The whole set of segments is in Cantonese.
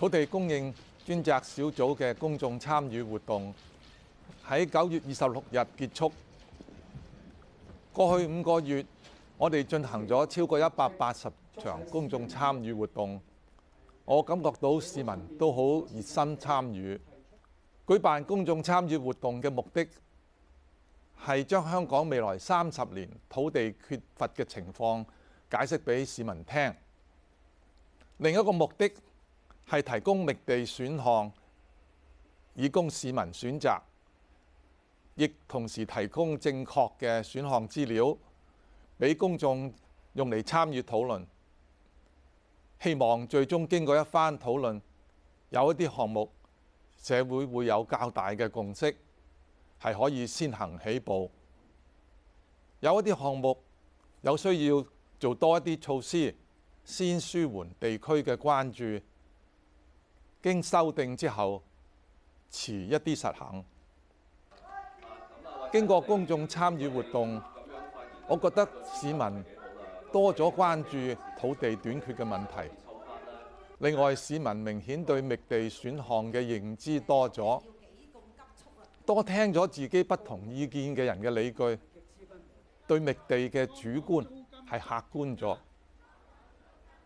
土地供應專責小組嘅公眾參與活動喺九月二十六日結束。過去五個月，我哋進行咗超過一百八十場公眾參與活動。我感覺到市民都好熱心參與。舉辦公眾參與活動嘅目的係將香港未來三十年土地缺乏嘅情況解釋俾市民聽。另一個目的，係提供覓地選項以供市民選擇，亦同時提供正確嘅選項資料畀公眾用嚟參與討論。希望最終經過一番討論，有一啲項目社會會有較大嘅共識，係可以先行起步；有一啲項目有需要做多一啲措施，先舒緩地區嘅關注。經修訂之後，遲一啲實行。經過公眾參與活動，我覺得市民多咗關注土地短缺嘅問題。另外，市民明顯對覓地選項嘅認知多咗，多聽咗自己不同意見嘅人嘅理據，對覓地嘅主觀係客觀咗，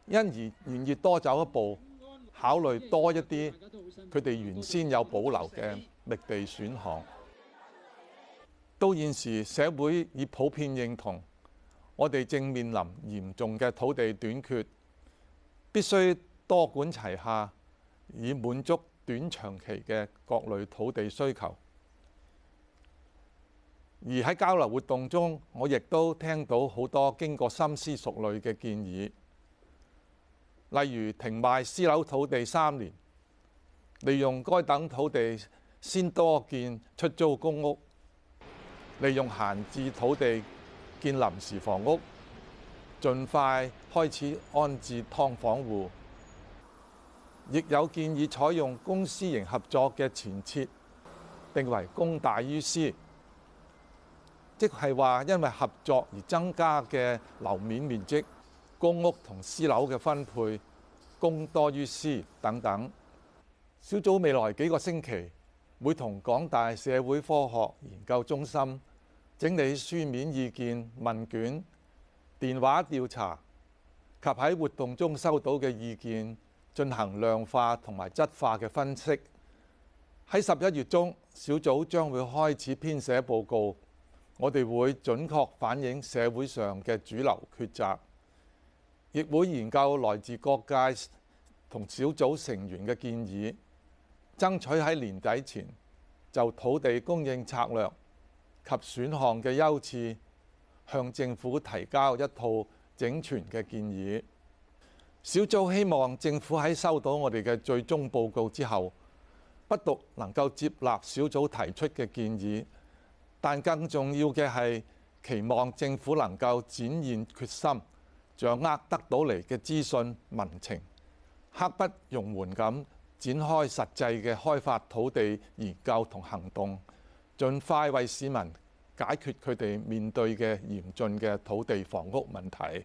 因而願意多走一步。考慮多一啲佢哋原先有保留嘅覓地選項，到現時社會已普遍認同，我哋正面臨嚴重嘅土地短缺，必須多管齊下，以滿足短長期嘅各類土地需求。而喺交流活動中，我亦都聽到好多經過深思熟慮嘅建議。例如停賣私樓土地三年，利用該等土地先多建出租公屋，利用閒置土地建臨時房屋，盡快開始安置劏房戶。亦有建議採用公私營合作嘅前設，定為公大於私，即係話因為合作而增加嘅樓面面積。公屋同私樓嘅分配，公多於私等等。小組未來幾個星期會同港大社會科學研究中心整理書面意見、問卷、電話調查及喺活動中收到嘅意見，進行量化同埋質化嘅分析。喺十一月中，小組將會開始編寫報告。我哋會準確反映社會上嘅主流抉擇。亦會研究來自各界同小組成員嘅建議，爭取喺年底前就土地供應策略及選項嘅優次向政府提交一套整全嘅建議。小組希望政府喺收到我哋嘅最終報告之後，不獨能夠接納小組提出嘅建議，但更重要嘅係期望政府能夠展現決心。掌握得到嚟嘅資訊、民情，刻不容緩咁展開實際嘅開發土地研究同行動，盡快為市民解決佢哋面對嘅嚴峻嘅土地房屋問題。